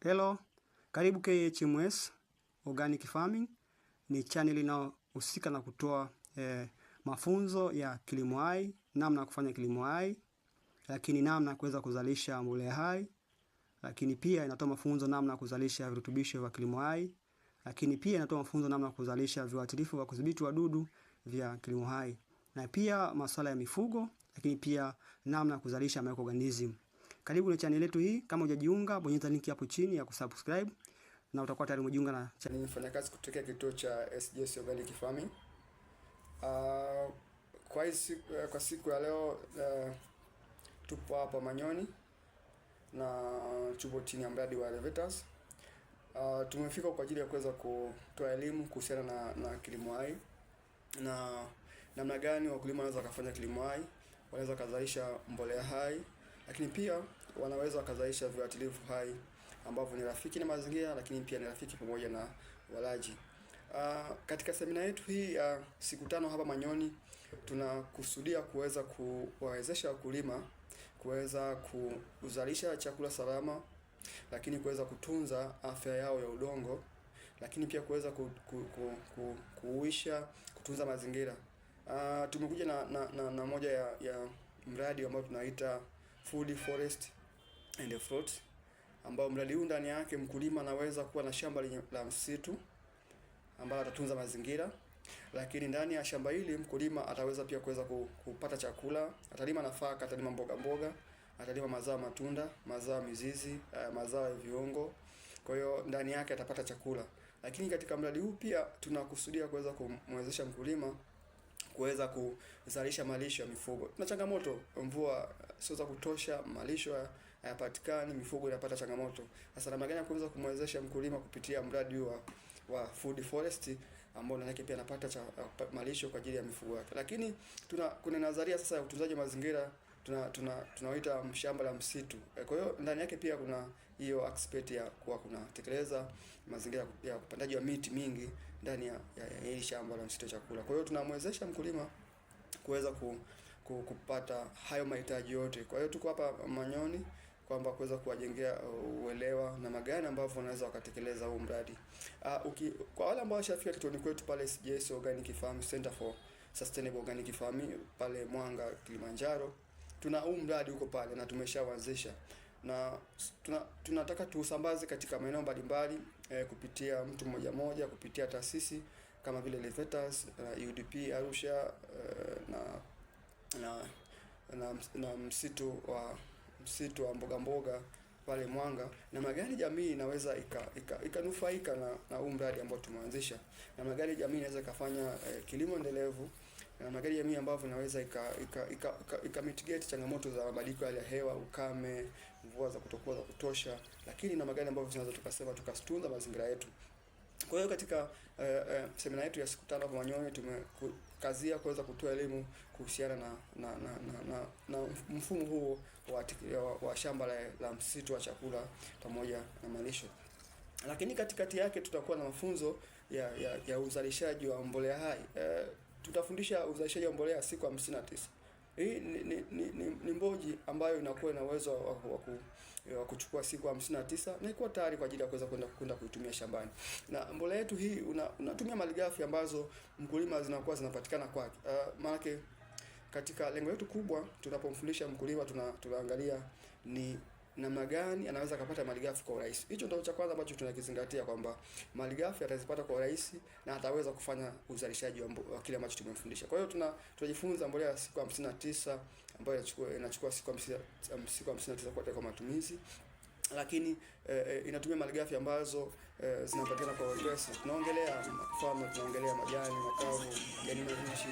Hello, karibu KHMS Organic Farming. Ni channel inayohusika na kutoa eh, mafunzo ya kilimo hai, namna ya kufanya kilimo hai, lakini namna ya kuweza kuzalisha mbolea hai, lakini pia inatoa mafunzo namna ya kuzalisha virutubisho vya kilimo hai, lakini pia inatoa mafunzo namna ya kuzalisha viuatilifu vya kudhibiti wadudu vya kilimo hai, na pia masuala ya mifugo, lakini pia namna ya kuzalisha microorganism. Karibu na channel yetu hii, kama hujajiunga, bonyeza link hapo chini ya kusubscribe na utakuwa tayari umejiunga na channel. Nimefanya kazi kutokea kituo cha SGS Organic Farming. Uh, kwa isi, eh, kwa siku ya leo uh, tupo hapa Manyoni na chupo chini ya mradi wa elevators. Uh, tumefika kwa ajili ya kuweza kutoa elimu kuhusiana na, na kilimo hai na namna gani wakulima wanaweza wakafanya kilimo hai, wanaweza wakazalisha mbolea hai lakini pia wanaweza wakazalisha viuatilifu hai ambavyo ni rafiki na mazingira, lakini pia ni rafiki pamoja na walaji. Uh, katika semina yetu hii ya uh, siku tano hapa Manyoni tunakusudia kuweza kuwawezesha wakulima kuweza kuzalisha chakula salama, lakini kuweza kutunza afya yao ya udongo, lakini pia kuweza ku, ku, ku, ku, kuuisha kutunza mazingira. Uh, tumekuja na, na, na, na moja ya, ya mradi ambao tunaita food forest and fruit, ambao mradi huu ndani yake mkulima anaweza kuwa na shamba la msitu ambalo atatunza mazingira, lakini ndani ya shamba hili mkulima ataweza pia kuweza kupata chakula. Atalima nafaka, atalima mboga mboga, atalima mazao matunda, mazao mizizi, eh, mazao ya viungo. Kwa hiyo ndani yake atapata chakula, lakini katika mradi huu pia tunakusudia kuweza kumwezesha mkulima kuweza kuzalisha malisho ya mifugo. Na changamoto, mvua sio za kutosha, malisho hayapatikani, mifugo inapata changamoto. Sasa namna gani kuweza kumwezesha mkulima kupitia mradi wa wa food forest ambao ndani yake pia anapata cha malisho kwa ajili ya mifugo yake. Lakini tuna kuna nadharia sasa ya utunzaji wa mazingira tuna tuna tunaoita mshamba la msitu. Kwa hiyo ndani yake pia kuna hiyo aspect ya kuwa kuna tekeleza mazingira ya upandaji wa miti mingi ndani ya, ya hili shamba la msitu chakula. Kwa hiyo tunamwezesha mkulima kuweza ku, ku, kupata hayo mahitaji yote. Kwa hiyo tuko hapa Manyoni kwamba kuweza kuwajengea uh, uelewa na magari ambavyo wanaweza wakatekeleza huu mradi. Uh, uki, kwa wale ambao washafika kituoni kwetu pale CJS Organic Farm Center for Sustainable Organic Farming pale Mwanga Kilimanjaro, tuna huu mradi huko pale na tumeshaanzisha na tuna, tunataka tuusambaze katika maeneo mbalimbali eh, kupitia mtu mmoja mmoja, kupitia taasisi kama vile Levetas na eh, UDP Arusha uh, na, na na na msitu wa msitu wa mboga mboga pale Mwanga, namna gani jamii inaweza ikanufaika ika, ika na, na huu mradi ambao tumeanzisha, namna gani jamii inaweza ikafanya eh, kilimo endelevu na magari jamii ambavyo inaweza ika, ika, ika, ika, ika mitigate changamoto za mabadiliko ya hali ya hewa, ukame, mvua za kutokuwa za kutosha, lakini na magari ambavyo tunaweza tukasema tukastunza mazingira yetu. Kwa hiyo katika uh, eh, uh, eh, semina yetu ya siku tano kwa Manyoni tumekazia kuweza kutoa elimu kuhusiana na na, na, na, na, na mfumo huo wa, wa, wa shamba la, la msitu wa chakula pamoja na malisho lakini katikati yake tutakuwa na mafunzo ya, ya, ya uzalishaji wa mbolea hai. E, tutafundisha uzalishaji wa mbolea siku hamsini na tisa hii ni, ni, ni, ni, ni mboji ambayo inakuwa ina uwezo wa kuchukua siku 59 na iko tayari kwa ajili ya kuweza kwenda kwenda kuitumia shambani. Na mbolea yetu hii una, unatumia malighafi ambazo mkulima zinakuwa zinapatikana kwake. Uh, ah, maana katika lengo letu kubwa tunapomfundisha mkulima tuna, tunaangalia ni namna gani anaweza kupata malighafi kwa urahisi. Hicho ndio cha kwanza ambacho tunakizingatia kwamba malighafi atazipata kwa urahisi na ataweza kufanya uzalishaji wa, kile ambacho tumemfundisha. Kwa hiyo tuna tunajifunza mbolea ya siku 59 ambayo inachukua inachukua siku 50 siku 59 kwa kwa matumizi lakini eh, inatumia malighafi ambazo eh, zinapatikana kwa wepesi. Tunaongelea mfano, tunaongelea majani makavu, majani mabichi,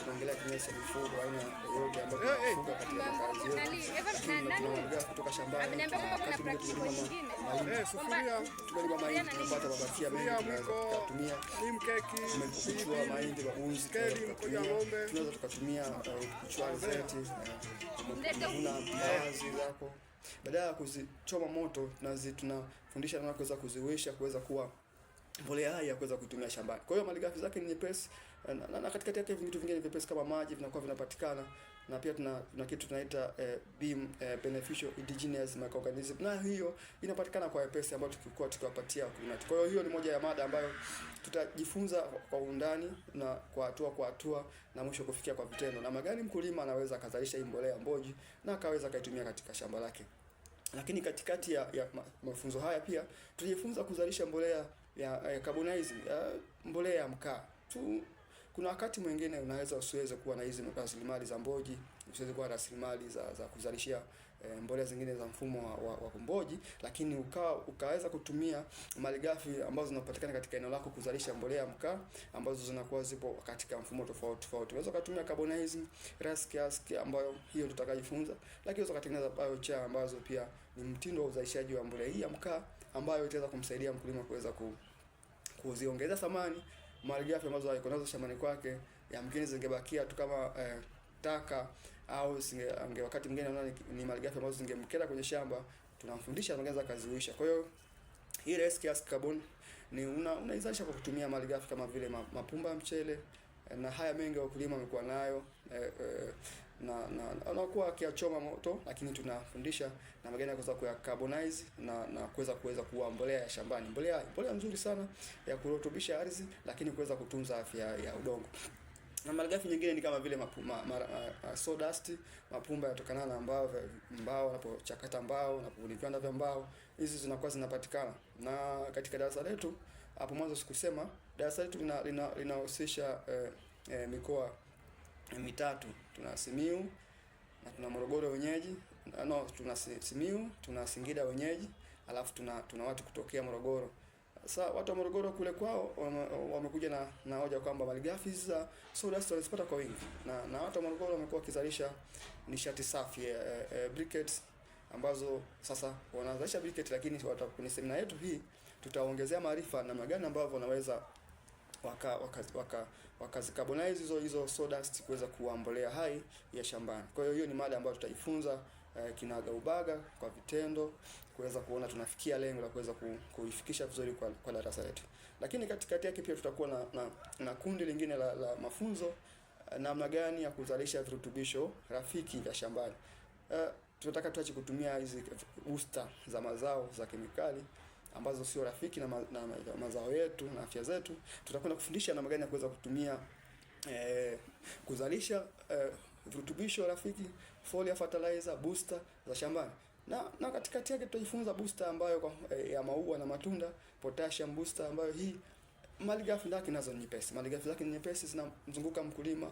tunaongelea kinyesi cha mifugo aina yoyote ambayo tunafuga katika makazi yetu tunaendelea kutoka shambani, tumelima mahindi, eh, mabakia mengi, tukatumia kuchua mahindi, magunzi tunaweza tukatumia uh, kuchua alizeti, kuvuna mbaazi zako badala ya kuzichoma moto, na tunafundisha namna kuweza kuziwisha kuweza kuwa mbolea hai ya kuweza kuitumia shambani. Kwa hiyo malighafi zake ni nyepesi eh, na, na, na katikati yake vitu vingine vyepesi kama maji vinakuwa vinapatikana na pia tuna, tuna kitu tunaita eh, BEAM eh, beneficial indigenous microorganism, na hiyo inapatikana kwa wepesi ambayo tukikuwa tukiwapatia wakulima. Kwa hiyo hiyo ni moja ya mada ambayo tutajifunza kwa undani na kwa hatua kwa hatua, na mwisho kufikia kwa vitendo, namna gani mkulima anaweza akazalisha hii mbolea mboji na akaweza akaitumia katika shamba lake lakini katikati ya, ya mafunzo haya pia tulijifunza kuzalisha mbolea ya, ya eh, carbonizing ya eh, mbolea ya mkaa tu kuna wakati mwingine unaweza usiweze kuwa na hizi rasilimali za mboji, usiweze kuwa na rasilimali za, za kuzalishia e, mbolea zingine za mfumo wa, wa wa mboji, lakini uka, ukaweza kutumia malighafi ambazo zinapatikana katika eneo lako kuzalisha mbolea mkaa ambazo zinakuwa zipo katika mfumo tofauti tofauti. Unaweza kutumia carbonizing rusk ask, ambayo hiyo tutakajifunza, lakini unaweza kutengeneza biochar ambazo pia ni mtindo wa uzalishaji wa mbolea hii ya mkaa ambayo itaweza kumsaidia mkulima kuweza ku kuziongeza thamani malighafi ambazo alikuwa nazo shambani kwake, yamkini zingebakia tu kama eh, taka au singe, ange, wakati mwingine naona ni, ni malighafi ambazo zingemkera kwenye shamba, tunamfundisha anaweza kaziuisha. Kwa hiyo hii rice kiasi carbon ni una unaizalisha kwa kutumia malighafi kama vile mapumba ya mchele eh, na haya mengi wakulima wamekuwa nayo eh, eh, na na anakuwa akiachoma moto, lakini tunafundisha namna gani ya kuweza kuyacarbonize na na kuweza kuweza kuwa mbolea ya shambani, mbolea mbolea nzuri sana ya kurutubisha ardhi, lakini kuweza kutunza afya ya udongo na malighafi nyingine ni kama vile mapuma, ma, ma, ma, sawdust mapumba yatokana na mbao mbao, unapochakata mbao, na unapoviwanda vya mbao, hizi zinakuwa zinapatikana. Na katika darasa letu hapo mwanzo sikusema, darasa letu linahusisha lina, lina eh, eh, mikoa eh, mitatu tuna Simiu na tuna Morogoro wenyeji no, tuna Simiu tuna Singida wenyeji, alafu tuna tuna watu kutokea Morogoro. Sasa watu wa Morogoro kule kwao wamekuja na na hoja kwamba malighafi za soda ash wanazipata kwa wingi, na na watu wa Morogoro wamekuwa wakizalisha nishati safi e, e, briquettes ambazo sasa wanazalisha briquettes, lakini kwenye semina yetu hii tutaongezea maarifa namna gani ambavyo wanaweza waka waka wakazikarbonize waka hizo hizo sawdust kuweza kuwa mbolea hai ya shambani. Kwa hiyo hiyo ni mada ambayo tutaifunza eh, kinaga ubaga kwa vitendo kuweza kuona tunafikia lengo la kuweza kuifikisha vizuri kwa, kwa darasa letu. Lakini katikati yake pia tutakuwa na, na, na kundi lingine la, la mafunzo eh, namna gani ya kuzalisha virutubisho rafiki vya shambani. Eh, tunataka tuache kutumia hizi booster za mazao za kemikali ambazo sio rafiki na, ma, na na mazao yetu na afya zetu. Tutakwenda kufundisha namna gani ya kuweza kutumia eh, kuzalisha eh, virutubisho rafiki, foliar fertilizer, booster za shambani na na katikati yake tutajifunza booster ambayo kwa, eh, ya maua na matunda, potassium booster ambayo hii malighafi ndaki nazo ni nyepesi. Malighafi zake ni nyepesi, zinamzunguka mkulima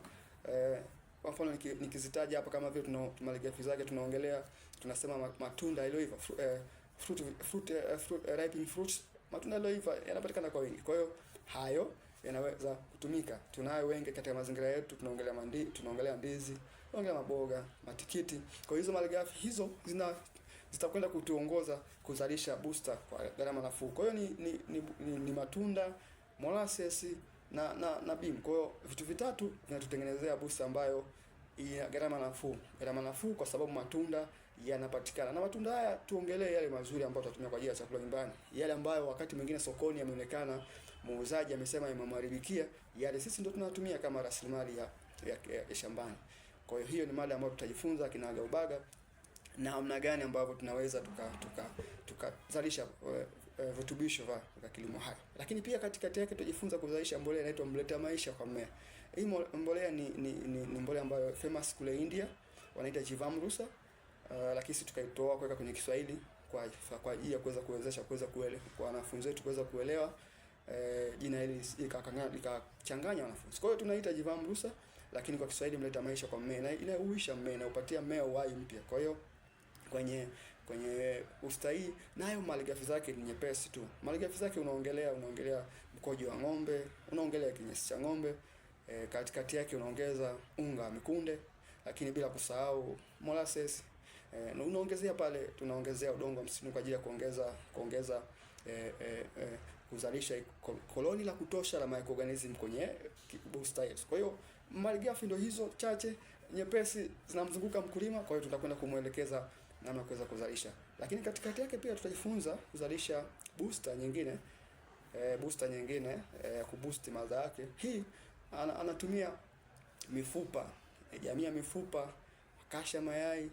eh, kwa mfano nikizitaja hapa kama vile tuna malighafi zake tunaongelea, tunasema matunda yaliyoiva eh, fruit fruit, uh, fruit uh, ripening fruits, matunda yaliyoiva yanapatikana kwa wingi. Kwa hiyo hayo yanaweza kutumika. Tunayo wengi katika mazingira yetu, tunaongelea mandi, tunaongelea ndizi, tunaongelea maboga, matikiti. Kwa hizo malighafi hizo zina zitakwenda kutuongoza kuzalisha booster kwa gharama nafuu. Kwa hiyo ni ni, ni, ni, ni matunda, molasses na na, na BIM. Kwa hiyo vitu vitatu vinatutengenezea booster ambayo ina gharama nafuu. Gharama nafuu kwa sababu matunda yanapatikana na matunda haya. Tuongelee yale mazuri ambayo tutatumia kwa ajili ya chakula nyumbani, yale ambayo wakati mwingine sokoni yameonekana muuzaji amesema yamemharibikia, yale sisi ndio tunatumia kama rasilimali ya, ya, ya, ya shambani. Kwa hiyo hiyo ni mada ambayo tutajifunza kinaga ubaga namna gani ambavyo tunaweza tukazalisha tuka, tuka uh, uh, virutubisho vya kilimo hai, lakini pia katikati yake tujifunza kuzalisha mbolea inaitwa mleta maisha kwa mmea. Hii mbolea ni, ni, ni, ni mbolea ambayo famous kule India wanaita Jivamrusa Eh, lakini sisi tukaitoa kuweka kwenye Kiswahili kwa kwa ajili ya kuweza kuwezesha kuweza kuelewa kwa wanafunzi wetu kuweza kuelewa eh, jina hili likachanganya wanafunzi. Kwa hiyo tunaita Jivaa Mrusa, lakini kwa Kiswahili mleta maisha kwa mmea, na ile uisha mmea na upatia mmea uhai mpya. Kwa hiyo kwenye kwenye ustahii nayo malighafi zake ni nyepesi tu. Malighafi zake unaongelea unaongelea mkojo wa ng'ombe, unaongelea kinyesi cha ng'ombe e, katikati yake unaongeza unga wa mikunde, lakini bila kusahau molasses e, unaongezea pale, tunaongezea udongo msimu kwa ajili ya kuongeza kuongeza e, e, e, kuzalisha koloni la kutosha la microorganism kwenye booster yetu. Kwa hiyo malighafi ndio hizo chache nyepesi zinamzunguka mkulima, kwa hiyo tutakwenda kumwelekeza namna kuweza kuzalisha, lakini katikati yake pia tutajifunza kuzalisha booster nyingine e, booster nyingine e, kuboost mazao yake. Hii anatumia mifupa jamii ya mifupa kasha mayai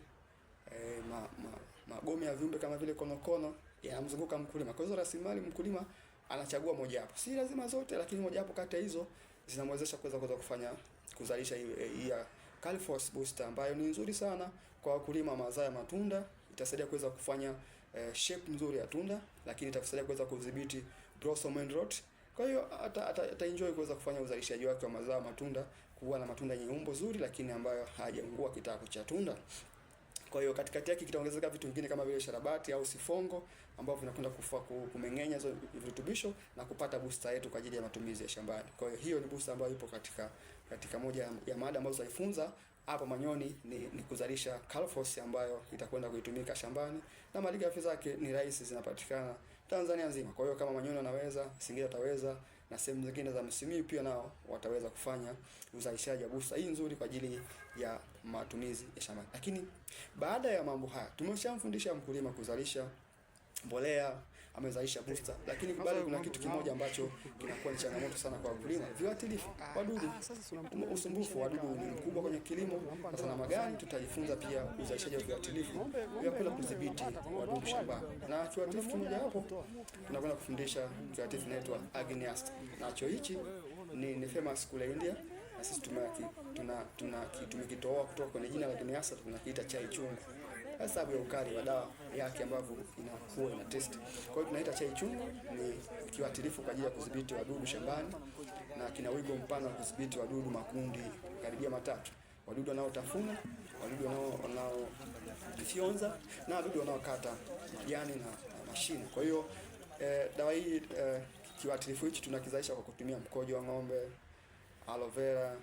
e, ma, ma, magome ya viumbe kama vile konokono yanamzunguka mkulima. Kwa hiyo rasilimali mkulima anachagua moja hapo, si lazima zote, lakini moja hapo kati ya hizo zinamwezesha kuweza kuweza kufanya kuzalisha eh, hii ya Calphos Booster ambayo ni nzuri sana kwa wakulima wa mazao ya matunda. Itasaidia kuweza kufanya eh, shape nzuri ya tunda, lakini itasaidia kuweza kudhibiti blossom end rot. Kwa hiyo ata, ata, ata enjoy kuweza kufanya uzalishaji wake wa mazao ya matunda, kuwa na matunda yenye umbo zuri, lakini ambayo hajaungua kitako cha tunda. Kwa hiyo katikati yake kitaongezeka vitu vingine kama vile sharabati au sifongo ambavyo vinakwenda kumeng'enya hizo virutubisho na kupata booster yetu kwa ajili ya matumizi ya shambani. Kwa hiyo hiyo ni booster ambayo ipo katika katika moja ya mada ambazo zaifunza hapa Manyoni ni, ni kuzalisha Calphos ambayo itakwenda kuitumika shambani na malighafi zake ni rahisi, zinapatikana Tanzania nzima. Kwa hiyo kama Manyoni anaweza, Singida ataweza na sehemu zingine za Msimiyu pia nao wataweza kufanya uzalishaji wa booster hii nzuri kwa ajili ya matumizi ya shambani. Lakini baada ya mambo haya tumeshamfundisha mkulima kuzalisha mbolea amezaisha booster, lakini bado kuna kitu kimoja ambacho kinakuwa ni changamoto sana kwa wakulima, viuatilifu, ah, wadudu. Ah, usumbufu wa wadudu ni mkubwa kwenye kilimo. Sasa na magari tutajifunza pia uzalishaji wa viuatilifu vya kula kudhibiti wadudu shamba, na kiuatilifu kimoja hapo tunakwenda kufundisha kiuatilifu inaitwa Agnias, nacho hichi ni, ni famous kule India na sisi tumekitoa kutoka kwenye jina la Agnias tunakiita chai chungu sababu ya ukali wa dawa yake ambavyo inakuwa ina test. Kwa hiyo tunaita chai chungu ni kiwatilifu kwa ajili ya kudhibiti wadudu shambani na kina wigo mpana wa kudhibiti wadudu makundi karibia matatu wadudu wanaotafuna, wadudu wanaofyonza na wadudu wanaokata majani na, na mashina. Kwa hiyo eh, dawa hii eh, kiwatilifu hichi tunakizalisha kwa kutumia mkojo wa ng'ombe, aloe vera,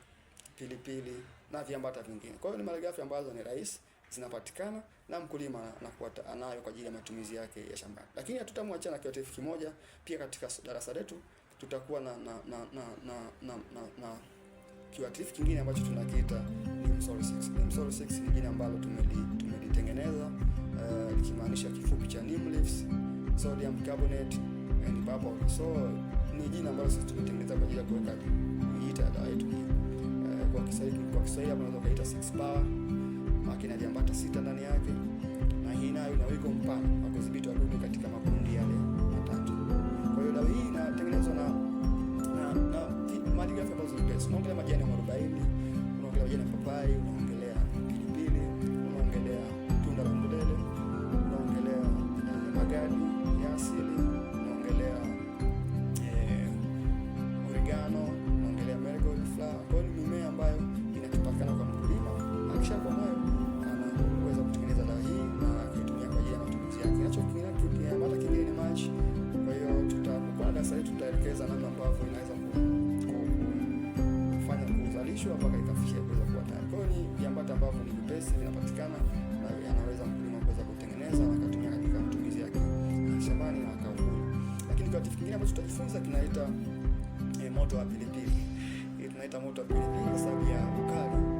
pilipili na viambata vingine. Kwa hiyo ni malighafi ambazo ni rahisi zinapatikana na mkulima anakuwa anayo kwa ajili ya matumizi yake ya shambani. Lakini hatutamwacha na kiotefu kimoja. Pia katika darasa letu tutakuwa na na na na na, na, na, na kiuatilifu kingine ambacho tunakiita Limsol 6. Limsol 6 ni jina ambalo tumelitengeneza tumeli eh, likimaanisha uh, kifupi cha neem leaves, sodium carbonate and bubble. So Ni jina ambalo sisi tumetengeneza kwa ajili ya kuweka kuiita dawa yetu hii. Eh, kwa Kiswahili kwa Kiswahili unaweza kuita 6 power akina jambata sita ndani yake, na hii nayo ina mpana wa kudhibiti wadudu katika makundi yale matatu. Kwa hiyo dawa hii inatengenezwa na na, na malighafi ambazo zilipesa. Unaongelea majani ya mwarobaini, unaongelea majani ya papai, unaongelea pilipili, unaongelea tunda la mdelele, unaongelea eh, magadi ya asili kupandishwa mpaka ikafikia kuweza kuwa tayari. Kwa hiyo ni viambata ambavyo ni vipesi vinapatikana na anaweza mkulima kuweza kutengeneza na kutumia katika matumizi yake shambani na akaungua. Lakini kwa kitu kingine ambacho tutajifunza kinaita eh, moto wa pilipili. Hii tunaita moto wa pilipili kwa sababu ya ukali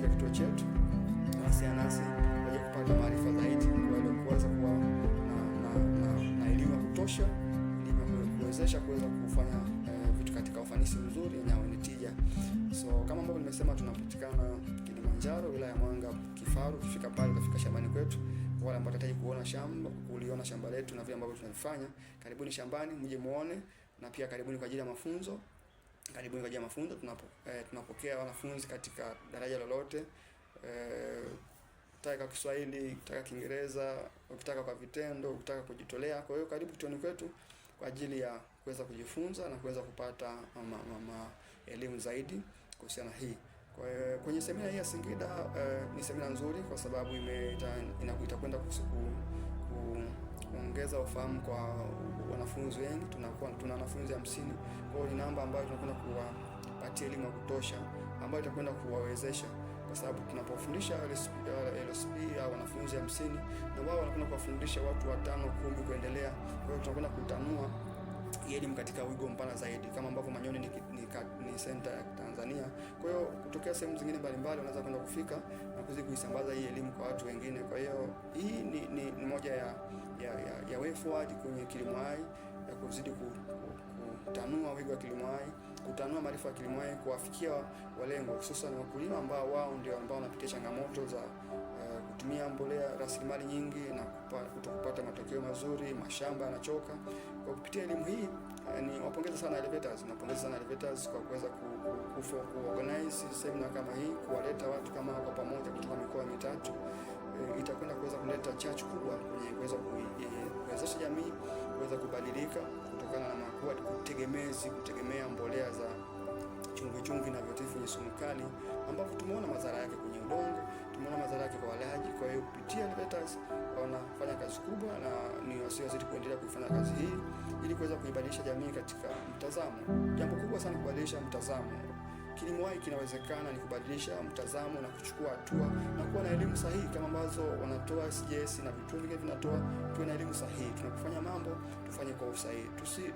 katika kituo chetu nawasiliana anasi waje kupata maarifa zaidi kuweza kuwa na elimu ya kutosha kuwezesha kuweza kufanya eh, vitu katika ufanisi mzuri na wenye tija. So kama ambavyo nimesema, tunapatikana Kilimanjaro, wilaya ya Mwanga, Kifaru. Ukifika pale utafika shambani kwetu. Wale ambao watahitaji kuona shamba, kuliona shamba letu na vile ambavyo tunafanya, karibuni shambani mje muone, na pia karibuni kwa ajili ya mafunzo. Karibuni kwa ajili ya mafunzo. Tunapo, eh, tunapokea wanafunzi katika daraja lolote eh, ukitaka Kiswahili, ukitaka Kiingereza, ukitaka kwa vitendo, ukitaka kujitolea. Kwa hiyo karibu kituoni kwetu kwa ajili ya kuweza kujifunza na kuweza kupata mama, mama elimu zaidi kuhusiana hii. Kwa hiyo eh, kwenye semina hii ya Singida eh, ni semina nzuri kwa sababu imeita itakwenda kwenda kusiku kuongeza ufahamu kwa wanafunzi wengi. Tunakuwa tuna wanafunzi hamsini, kwa hiyo ni namba ambayo tunakwenda kuwapatia elimu ya kutosha ambayo itakwenda kuwawezesha kwa sababu tunapofundisha LSP au wanafunzi hamsini na wao wanakwenda kuwafundisha watu watano kumi kuendelea. Kwa hiyo tunakwenda kutanua elimu katika wigo mpana zaidi, kama ambavyo Manyoni ni, ni, ni, ni senta ya Tanzania kwa hiyo kutokea sehemu zingine mbalimbali wanaweza kwenda kufika na kuzi kuisambaza hii elimu kwa watu wengine. Kwa hiyo hii ni, ni, ni moja ya, ya, ya, ya way forward kwenye kilimo hai ya kuzidi ku, kutanua wigo wa kilimo hai, kutanua maarifa ya kilimo hai, kuwafikia walengo hususan wakulima ambao wao ndio ambao wanapitia changamoto za kutumia mbolea rasilimali nyingi na kutokupata matokeo mazuri, mashamba yanachoka. Kwa kupitia elimu hii eh, ni wapongeza sana elevators, napongeza sana elevators kwa kuweza kuorganize seminar kama hii, kuwaleta watu kama kwa pamoja kutoka mikoa mitatu eh, itakwenda kuweza kuleta chachu kubwa kwenye kuweza eh, kuwezesha jamii kuweza kubadilika kutokana na makuwa kutegemezi kutegemea mbolea za chungu chungu na viuatilifu vyenye sumu kali ambapo tumeona madhara yake kwenye udongo, tumeona madhara yake kwa walaji. Kwa hiyo kupitia Letters wanafanya kazi kubwa, na ni wasiozidi kuendelea kuifanya kazi hii ili kuweza kuibadilisha jamii katika mtazamo, jambo kubwa sana kubadilisha mtazamo Kilimwahi kinawezekana ni kubadilisha mtazamo na kuchukua hatua na kuwa na elimu sahihi kama ambazo wanatoa SGS na vituo vingine vinatoa. Tuwe na elimu sahihi, tunapofanya mambo tufanye kwa usahihi,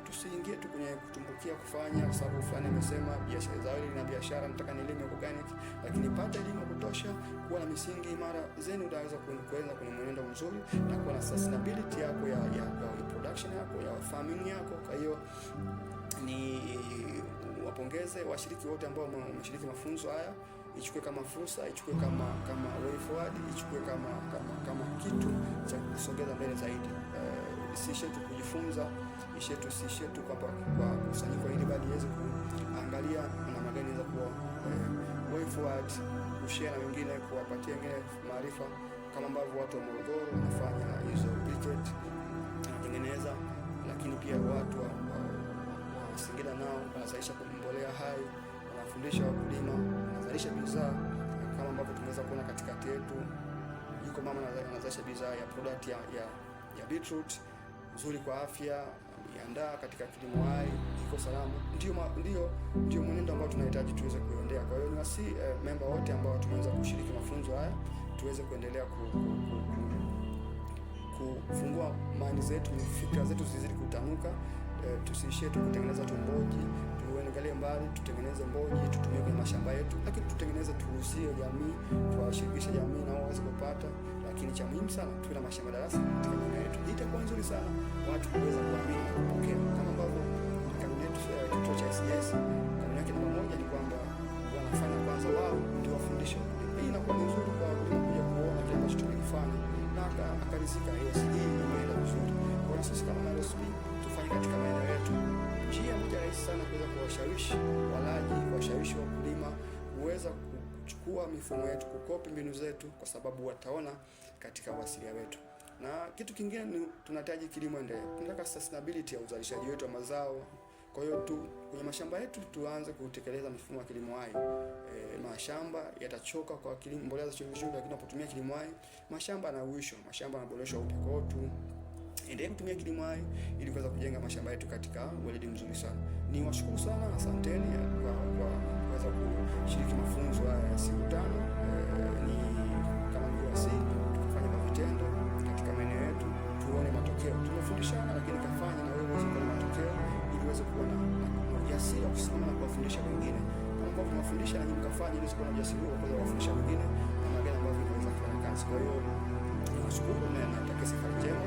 tusiingie tusi tu kwenye kutumbukia kufanya kwa sababu fulani amesema biashara zao na biashara nataka ni elimu organic, lakini pata elimu ya kutosha, kuwa na misingi imara zenu, utaweza kuenda kwenye mwenendo mzuri na kuwa na sustainability yako ya, ya, ya production yako ya farming yako. Kwa hiyo ni wapongeze washiriki wote ambao wameshiriki mafunzo haya, ichukue kama fursa, ichukue kama kama way forward, ichukue kama kama kama kitu cha kusogeza mbele zaidi. E, eh, isiishie shetu kujifunza, isiishie tu isiishie tu kwa kwa kusanyiko hili, bali iweze kuangalia namna gani inaweza kuwa e, way forward, kushare na wengine, kuwapatia wengine maarifa kama ambavyo watu wa Morogoro wanafanya hizo cricket briquette wanatengeneza wanazalisha mbolea hai, wanafundisha wakulima, wanazalisha bidhaa kama ambavyo tunaweza kuona katikati yetu, yuko mama anazalisha bidhaa ya product ya, ya, ya beetroot nzuri kwa afya, ameandaa katika kilimo hai, iko salama. Ndio ndio ndio mwenendo ambao tunahitaji tuweze kuendea. Kwa hiyo ni wasi eh, memba wote ambao tumeweza kushiriki mafunzo haya tuweze kuendelea ku, ku, ku, ku, kufungua maani zetu, fikra zetu zizidi kutanuka e, tusiishie tu kutengeneza tu mboji, tuangalie mbali, tutengeneze mboji, tutumie kwenye mashamba yetu, lakini tutengeneze, tuuzie jamii, tuwashirikishe jamii na waweze kupata. Lakini cha muhimu sana tuwe na mashamba darasa katika jamii yetu, itakuwa nzuri sana watu kuweza kuamini na kupokea, kama ambavyo kanuni yetu ya eh, kituo cha SGS, e kanuni yake namba moja ni kwamba wanafanya kwanza wao ndio wafundisho. Hii inakuwa nzuri kwa kuja kuona kile ambacho tumekifanya na akarizika. Hiyo sijui imeenda vizuri kwa sisi kama NSSP katika maeneo yetu. Njia moja rahisi sana kuweza kuwashawishi walaji, kuwashawishi wakulima kuweza kuchukua mifumo yetu, kukopi mbinu zetu, kwa sababu wataona katika uasilia wetu. Na kitu kingine ni tunahitaji kilimo endelevu, tunataka sustainability ya uzalishaji wetu wa mazao. Kwa hiyo tu kwenye mashamba yetu tuanze kutekeleza mifumo ya kilimo hai. E, mashamba yatachoka kwa kilimo mbolea za chemical, lakini tunapotumia kilimo hai mashamba yanawishwa, mashamba yanaboreshwa upya. Kwa hiyo tu endelee kutumia kilimo hai ili kuweza kujenga mashamba yetu katika weledi mzuri sana. Ni washukuru sana, asanteni eh, kwa kuweza kushiriki mafunzo haya ya siku tano. Eh, ni kama nilivyosema, tukafanya kwa vitendo katika maeneo yetu, tuone matokeo. Tumefundishana, lakini kafanya na wewe uone matokeo ili uweze kuwa na ujasiri wa kusimama na kuwafundisha wengine kama kwa tunafundisha, lakini kafanya ili usiwe na ujasiri wa kuweza kuwafundisha wengine namna gani ambavyo tunaweza kufanya kazi. Kwa hiyo ni washukuru na natakia safari njema.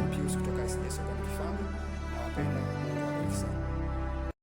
empíricos que tocar esse nesse como que fama. a perna